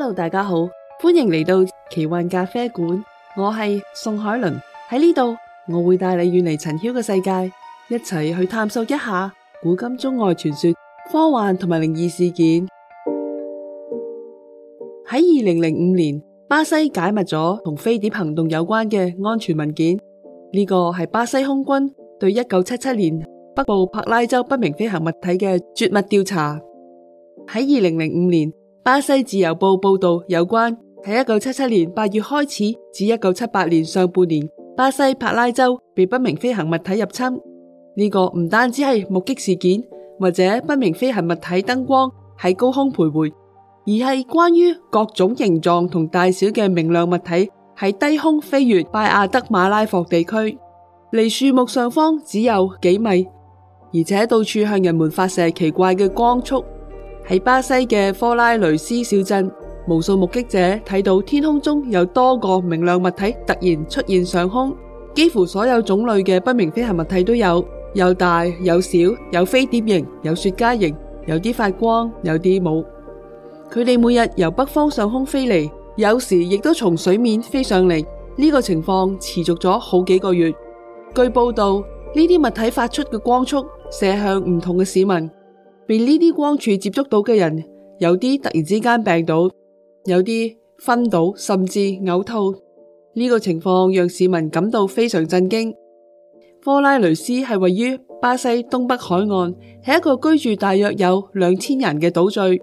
hello，大家好，歡迎嚟到奇幻咖啡館，我係宋海倫喺呢度，我會帶你遠離塵囂嘅世界，一齊去探索一下古今中外傳說、科幻同埋靈異事件。喺二零零五年，巴西解密咗同飛碟行動有關嘅安全文件，呢、這個係巴西空軍對一九七七年北部帕拉州不明飛行物體嘅絕密調查。喺二零零五年。巴西自由報報道有關喺一九七七年八月開始至一九七八年上半年，巴西帕拉州被不明飛行物體入侵。呢、這個唔單止係目擊事件或者不明飛行物體燈光喺高空徘徊，而係關於各種形狀同大小嘅明亮物體喺低空飛越拜亞德馬拉霍地區，離樹木上方只有幾米，而且到處向人們發射奇怪嘅光束。喺巴西嘅科拉雷斯小鎮，無數目擊者睇到天空中有多個明亮物體突然出現上空，幾乎所有種類嘅不明飛行物體都有，有大有小，有飛碟型，有雪茄型，有啲發光，有啲冇。佢哋每日由北方上空飛嚟，有時亦都從水面飛上嚟。呢個情況持續咗好幾個月。據報道，呢啲物體發出嘅光束射向唔同嘅市民。被呢啲光柱接觸到嘅人，有啲突然之間病倒，有啲昏倒，甚至嘔吐。呢個情況讓市民感到非常震驚。科拉雷斯係位於巴西東北海岸，係一個居住大約有兩千人嘅島嶼。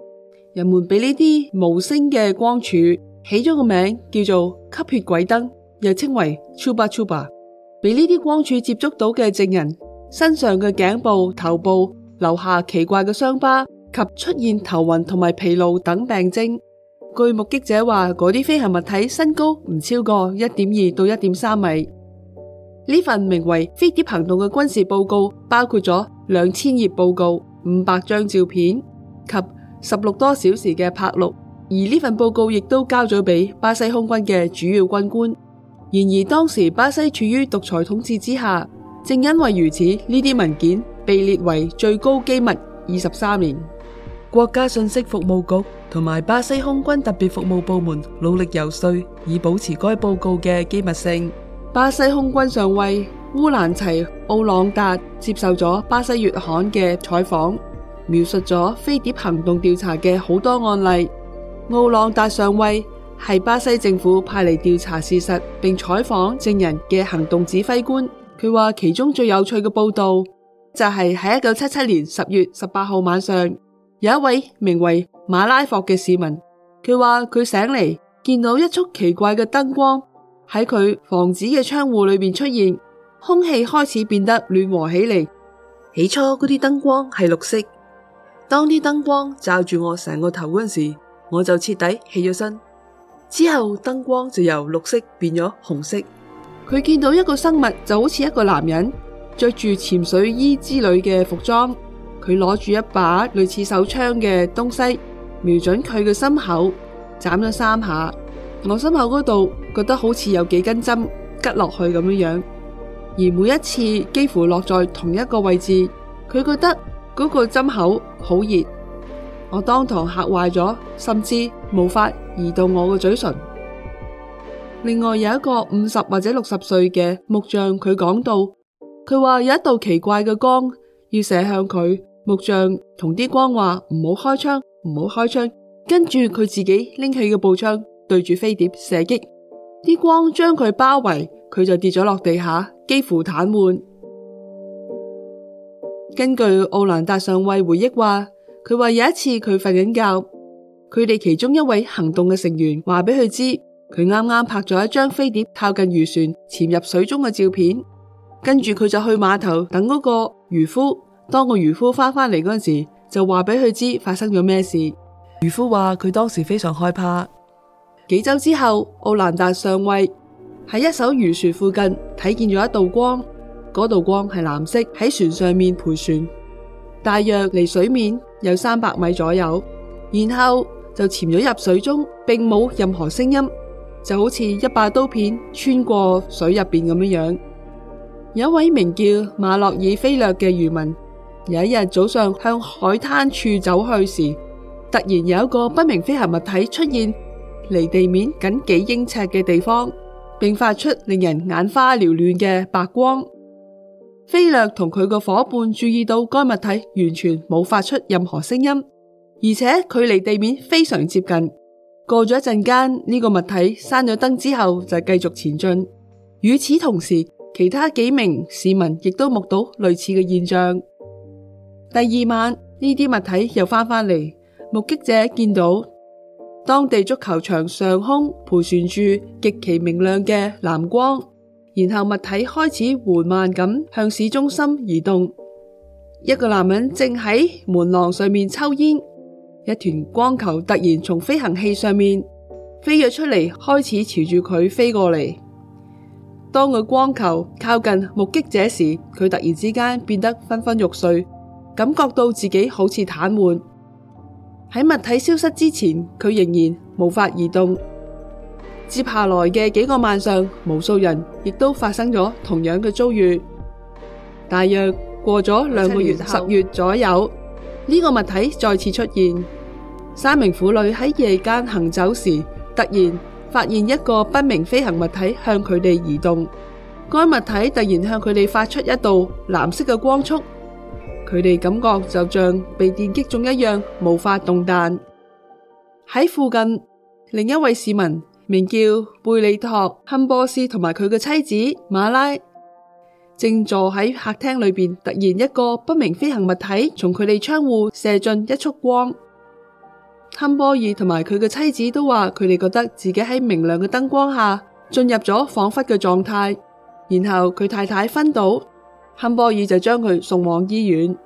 人們俾呢啲無聲嘅光柱起咗個名，叫做吸血鬼燈，又稱為 Chupa Chupa。俾呢啲光柱接觸到嘅證人身上嘅頸部、頭部，留下奇怪嘅傷疤及出現頭暈同埋疲勞等病徵。據目擊者話，嗰啲飛行物體身高唔超過一點二到一點三米。呢份名為《飛碟行動》嘅軍事報告包括咗兩千頁報告、五百張照片及十六多小時嘅拍錄。而呢份報告亦都交咗俾巴西空軍嘅主要軍官。然而當時巴西處於獨裁統治之下，正因為如此，呢啲文件。被列為最高機密二十三年，國家信息服務局同埋巴西空軍特別服務部門努力遊說，以保持該報告嘅機密性。巴西空軍上尉烏蘭齊奧朗達接受咗巴西月刊嘅採訪，描述咗飛碟行動調查嘅好多案例。奧朗達上尉係巴西政府派嚟調查事實並採訪證人嘅行動指揮官。佢話其中最有趣嘅報道。就係喺一九七七年十月十八號晚上，有一位名為馬拉霍嘅市民，佢話佢醒嚟見到一束奇怪嘅燈光喺佢房子嘅窗戶裏邊出現，空氣開始變得暖和起嚟。起初嗰啲燈光係綠色，當啲燈光照住我成個頭嗰時，我就徹底起咗身。之後燈光就由綠色變咗紅色，佢見到一個生物就好似一個男人。着住潛水衣之類嘅服裝，佢攞住一把類似手槍嘅東西，瞄準佢嘅心口，斬咗三下。我心口嗰度覺得好似有幾根針拮落去咁樣樣，而每一次幾乎落在同一個位置。佢覺得嗰個針口好熱，我當堂嚇壞咗，甚至無法移到我嘅嘴唇。另外有一個五十或者六十歲嘅木匠，佢講到。佢話有一道奇怪嘅光要射向佢，木匠同啲光話唔好開槍，唔好開槍。跟住佢自己拎起個步槍對住飛碟射擊，啲光將佢包圍，佢就跌咗落地下，幾乎癱瘓。根據奧蘭達上尉回憶話，佢話有一次佢瞓緊覺，佢哋其中一位行動嘅成員話俾佢知，佢啱啱拍咗一張飛碟靠近漁船潛入水中嘅照片。跟住佢就去碼頭等嗰個漁夫。當個漁夫翻返嚟嗰陣時，就話俾佢知發生咗咩事。漁夫話佢當時非常害怕。幾周之後，奧蘭達上尉喺一艘漁船附近睇見咗一道光，嗰道光係藍色，喺船上面盤旋，大約離水面有三百米左右，然後就潛咗入水中，並冇任何聲音，就好似一把刀片穿過水入邊咁樣樣。有一位名叫馬洛爾飛略嘅漁民,有一日早上向海灘處走去時,突然有一個不明飛行物體出現,離地面僅幾英尺嘅地方,並發出令人眼花繚亂嘅白光。飛略同佢個伙伴注意到該物體完全冇發出任何聲音,而且距離地面非常接近。過咗一陣間,呢個物體閂咗燈之後就繼續前進。與此同時,其他幾名市民亦都目睹類似嘅現象。第二晚，呢啲物體又翻返嚟，目擊者見到當地足球場上空盤旋住極其明亮嘅藍光，然後物體開始緩慢咁向市中心移動。一個男人正喺門廊上面抽煙，一團光球突然從飛行器上面飛躍出嚟，開始朝住佢飛過嚟。當個光球靠近目擊者時，佢突然之間變得昏昏欲睡，感覺到自己好似癱瘓。喺物體消失之前，佢仍然無法移動。接下來嘅幾個晚上，無數人亦都發生咗同樣的遭遇。大約過咗兩個月,十月左右,呢個物體再次出現。三名婦女喺夜間行走時，突然，發現一個不明飛行物體向佢哋移動，該物體突然向佢哋發出一道藍色嘅光束，佢哋感覺就像被電擊中一樣，無法動彈。喺附近另一位市民名叫貝利托·漢波斯同埋佢嘅妻子馬拉，正坐喺客廳裏邊，突然一個不明飛行物體從佢哋窗戶射進一束光。坎波爾同埋佢嘅妻子都話，佢哋覺得自己喺明亮嘅燈光下進入咗恍惚嘅狀態。然後佢太太昏倒，坎波爾就將佢送往醫院。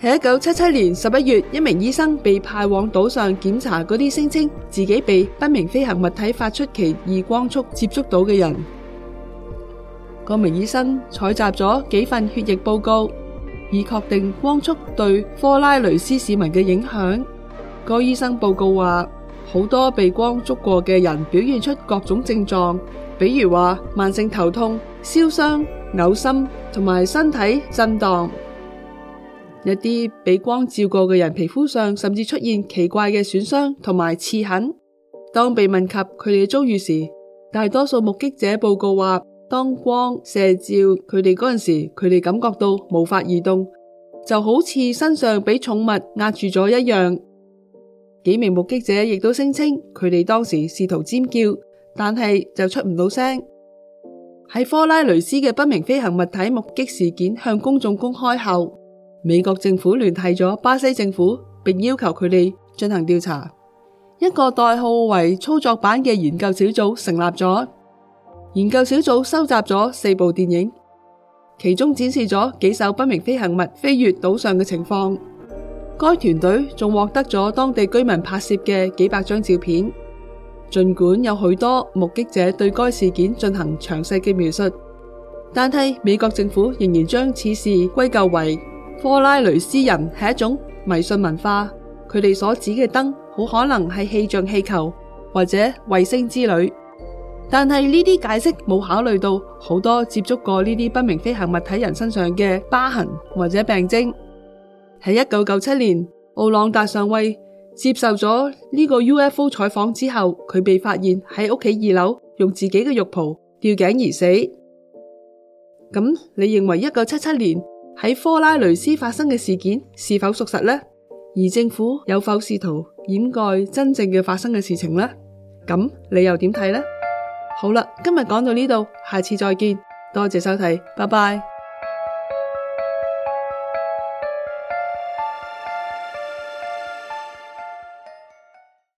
喺一九七七年十一月，一名醫生被派往島上檢查嗰啲聲稱自己被不明飛行物體發出奇異光束接觸到嘅人。嗰名醫生採集咗幾份血液報告，以確定光束對科拉雷斯市民嘅影響。個醫生報告話，好多被光捉過嘅人表現出各種症狀，比如話慢性頭痛、燒傷、嘔心同埋身體震盪。一啲被光照過嘅人皮膚上甚至出現奇怪嘅損傷同埋刺痕。當被問及佢哋嘅遭遇時，大多數目擊者報告話，當光射照佢哋嗰陣時候，佢哋感覺到無法移動，就好似身上俾重物壓住咗一樣。幾名目擊者亦都聲稱，佢哋當時試圖尖叫，但係就出唔到聲。喺科拉雷斯嘅不明飛行物體目擊事件向公眾公開後，美國政府聯繫咗巴西政府，並要求佢哋進行調查。一個代號為操作版嘅研究小組成立咗。研究小組收集咗四部電影，其中展示咗幾艘不明飛行物飛越島上嘅情況。該團隊仲獲得咗當地居民拍攝嘅幾百張照片，儘管有許多目擊者對該事件進行詳細嘅描述，但係美國政府仍然喺一九九七年，奧朗達上尉接受咗呢個 UFO 採訪之後，佢被發現喺屋企二樓用自己嘅浴袍吊頸而死。咁你認為一九七七年喺科拉雷斯發生嘅事件是否屬實呢？而政府有否試圖掩蓋真正嘅發生嘅事情呢？咁你又點睇呢？好啦，今日講到呢度，下次再見，多謝收睇，拜拜。